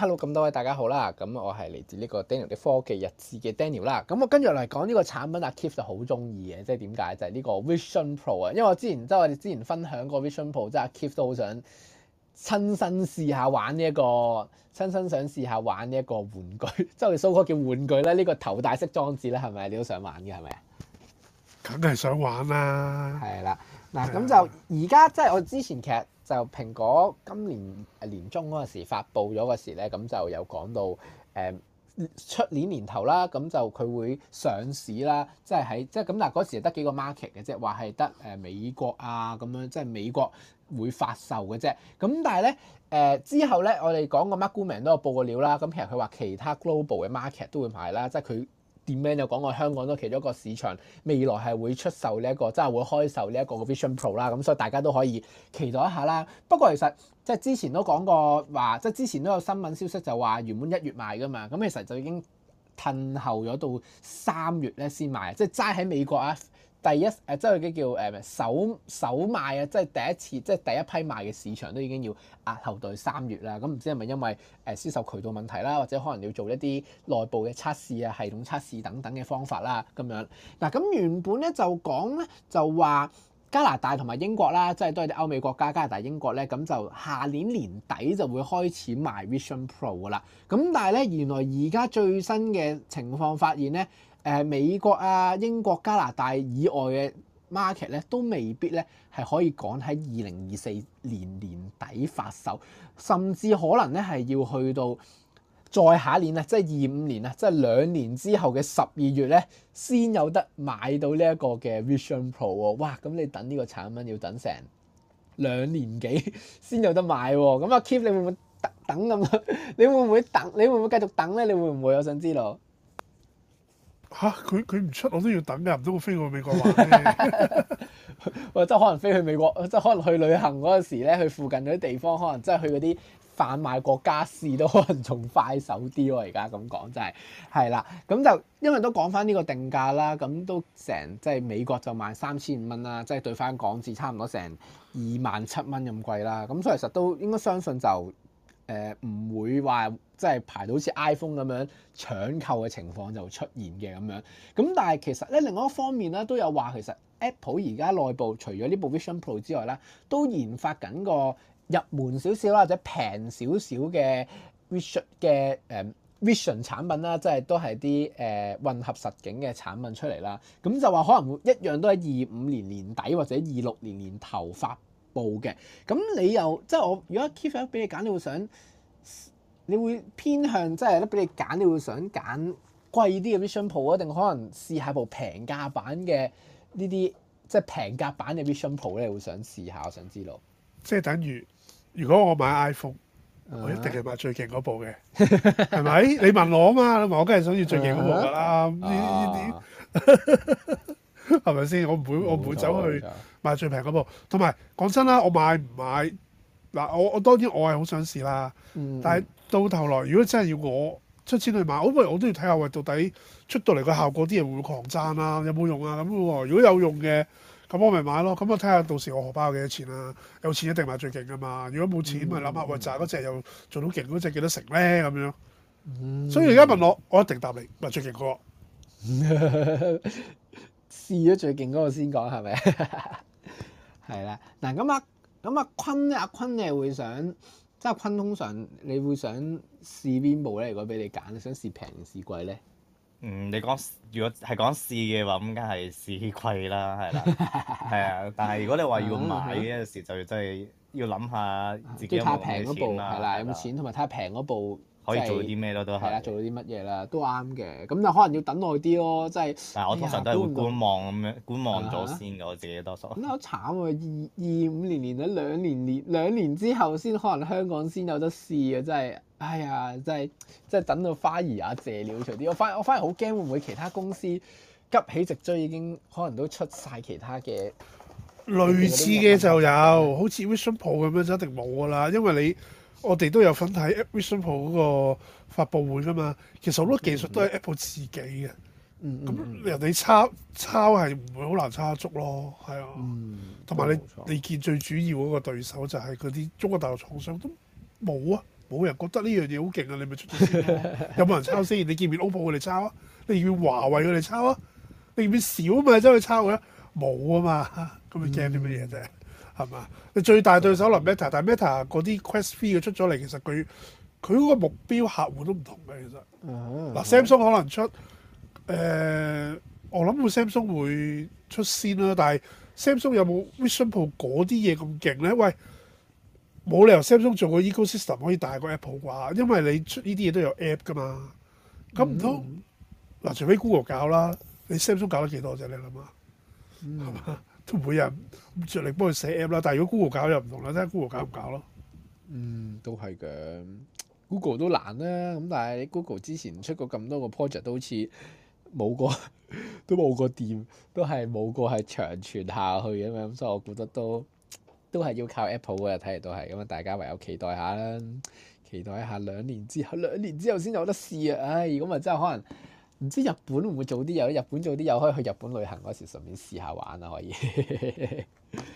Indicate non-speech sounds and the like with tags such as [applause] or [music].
hello，咁多位大家好啦，咁我係嚟自呢個 Daniel、IV、嘅科技日誌嘅 Daniel 啦，咁我跟住嚟講呢個產品啊，Keith 就好中意嘅，即係點解？就係、是、呢個 Vision Pro 啊，因為我之前即係我哋之前分享過 Vision Pro，即係阿 Keith 都好想親身試下玩呢、這、一個，親身想試下玩呢一個玩具，即係蘇哥叫玩具咧，呢、這個頭戴式裝置咧，係咪你都想玩嘅？係咪？梗係想玩啦、啊！係啦，嗱，咁就而家即係我之前其實。就蘋果今年年中嗰時發布咗嗰時咧，咁就有講到誒出、呃、年年頭啦，咁就佢會上市啦，即係喺即係咁，但係嗰時得幾個 market 嘅啫，話係得誒美國啊咁樣，即係美國會發售嘅啫。咁但係咧誒之後咧，我哋講個 Mark Gurman 都有報個料啦。咁其實佢話其他 global 嘅 market 都會買啦，即係佢。點樣就講過香港都其中一個市場，未來係會出售呢一個，真係會開售呢一個嘅 Vision Pro 啦，咁所以大家都可以期待一下啦。不過其實即係之前都講過話，即係之前都有新聞消息就話原本一月賣噶嘛，咁其實就已經褪後咗到三月咧先賣，即係齋喺美國啊。第一誒，即係已經叫誒首首賣啊！即係第一次，即係第一批賣嘅市場都已經要壓後到三月啦。咁唔知係咪因為誒銷售渠道問題啦，或者可能要做一啲內部嘅測試啊、系統測試等等嘅方法啦咁樣。嗱咁原本咧就講咧就話加拿大同埋英國啦，即係都係啲歐美國家，加拿大、英國咧咁就下年年底就會開始賣 Vision Pro 噶啦。咁但係咧，原來而家最新嘅情況發現咧。誒、呃、美國啊、英國、加拿大以外嘅 market 咧，都未必咧係可以趕喺二零二四年年底發售，甚至可能咧係要去到再下年啊，即係二五年啊，即係兩年之後嘅十二月咧，先有得買到呢一個嘅 Vision Pro 喎、哦。哇！咁你等呢個產品要等成兩年幾先 [laughs] 有得買喎、哦。咁啊，Keep 你會唔會等咁？你會唔會等？你會唔會繼續等咧？你會唔會？我想知道。嚇佢佢唔出我都要等㗎，唔通佢飛去美國買？或者可能飛去美國，即係可能去旅行嗰陣時咧，去附近嗰啲地方，可能即係去嗰啲販賣國家試都可能仲快手啲喎、啊。而家咁講就係係啦，咁就因為都講翻呢個定價啦，咁都成即係美國就賣三千五蚊啦，即係兌翻港紙差唔多成二萬七蚊咁貴啦。咁所以其實都應該相信就。誒唔、呃、會話即係排到好似 iPhone 咁樣搶購嘅情況就出現嘅咁樣，咁但係其實咧另外一方面咧都有話，其實 Apple 而家內部除咗呢部 Vision Pro 之外咧，都研發緊個入門少少或者平少少嘅 Vision 嘅誒 Vision 產品啦，即係都係啲誒混合實境嘅產品出嚟啦。咁就話可能會一樣都係二五年年底或者二六年年頭發。部嘅，咁你又即係我如果 keep 咗俾你揀，你會想你會偏向即係咧俾你揀，你會想揀貴啲嘅 Vision Pro 啊，定可能試下一部平價版嘅呢啲即係平價版嘅 Vision Pro 咧，你會想試下？我想知道，即係等於如果我買 iPhone，uh huh. 我一定係買最勁嗰部嘅，係咪？ [laughs] 你問我啊嘛，你問我，梗係想要最勁嗰部噶啦。係咪先？我唔會，錯我唔會走去買最平嗰部。同埋講真啦，我買唔買嗱？我我當然我係好想試啦。嗯、但係到頭來，如果真係要我出錢去買，咁我不如我都要睇下，話到底出到嚟個效果，啲嘢會唔會狂讚啊？有冇用啊？咁、哦、如果有用嘅，咁我咪買咯。咁我睇下到時我荷包有幾多錢啦、啊。有錢一定買最勁噶嘛。如果冇錢，咪諗下話賺嗰隻又做到勁嗰隻幾多成咧咁樣。嗯、所以而家問我，我一定答你唔係最勁嗰個。 [laughs] 試咗最勁嗰個先講係咪？係啦，嗱 [laughs] 咁 [laughs] 啊咁啊坤咧，阿坤你係會想，即、啊、係坤通常你會想試邊部咧？如果俾你揀，想試平定試貴咧？呢嗯，你講如果係講試嘅話，咁梗係試貴啦，係啦，係啊。 [laughs] 但係如果你話要買嘅時， [laughs] 就真係要諗下自己有冇錢、啊啊、部。係啦， [laughs] 有冇錢同埋太平嗰部。可以做啲咩咯？都係，做到啲乜嘢啦？都啱嘅。咁 [noise] 就 [noise] 可能要等耐啲咯。即係，但我通常都係會觀望咁樣，觀望咗先嘅。我自己多數。咁好慘啊！二二五年年咗，兩年年兩年之後先可能香港先有得試啊！真係，哎呀，真係真係等到花兒也、啊、謝了，除啲。我反我反而好驚，會唔會其他公司急起直追，已經可能都出晒其他嘅類似嘅就有，好似 Vision Pro 咁樣就一定冇噶啦，因為你。我哋都有份睇 Apple 嗰個發布會噶嘛，其實好多技術都係 Apple 自己嘅，咁、mm hmm. 人哋抄抄係唔會好難抄得足咯，係啊，同埋、mm, 也 你錯你見最主要嗰個對手就係嗰啲中國大陸廠商都冇啊，冇人覺得呢樣嘢好勁啊，你咪出咗、啊、 [laughs] 有冇人抄先？你見唔見 p 寶佢哋抄啊？你見唔見華為佢哋抄啊？你見唔少啊嘛，走去抄佢啊，冇啊嘛，咁你驚啲乜嘢啫？係嘛？你最大對手係 Meta，但係 Meta 嗰啲 Quest Three 出咗嚟，其實佢佢嗰個目標客戶都唔同嘅。其實嗱、 [music] 啊、Samsung 可能出誒、呃，我諗會 Samsung 會出先啦、啊。但係 Samsung 有冇 Vision Pro 嗰啲嘢咁勁咧？喂，冇理由 Samsung 做個 Ecosystem 可以大過 Apple 啩？因為你出呢啲嘢都有 App 㗎嘛。咁唔通嗱？除非 Google 搞啦，你 Samsung 搞得幾多啫？你諗下。係嘛？ [music] 都每日咁著力幫佢寫 app 啦，但係如果 Google 搞又唔同啦，睇下 Google 搞唔搞咯。嗯，都係嘅。Google 都難啦、啊，咁但係 Google 之前出過咁多個 project 都好似冇個，都冇個點，都係冇個係長存下去嘅嘛。咁所以我估得都都係要靠 Apple 嘅，睇嚟都係咁啊！大家唯有期待下啦，期待一下兩年之後，兩年之後先有得試啊！唉，咁啊，真係可能。唔知日本會唔會早啲有？日本早啲有，可以去日本旅行嗰時，順便試下玩啊可以。 [laughs]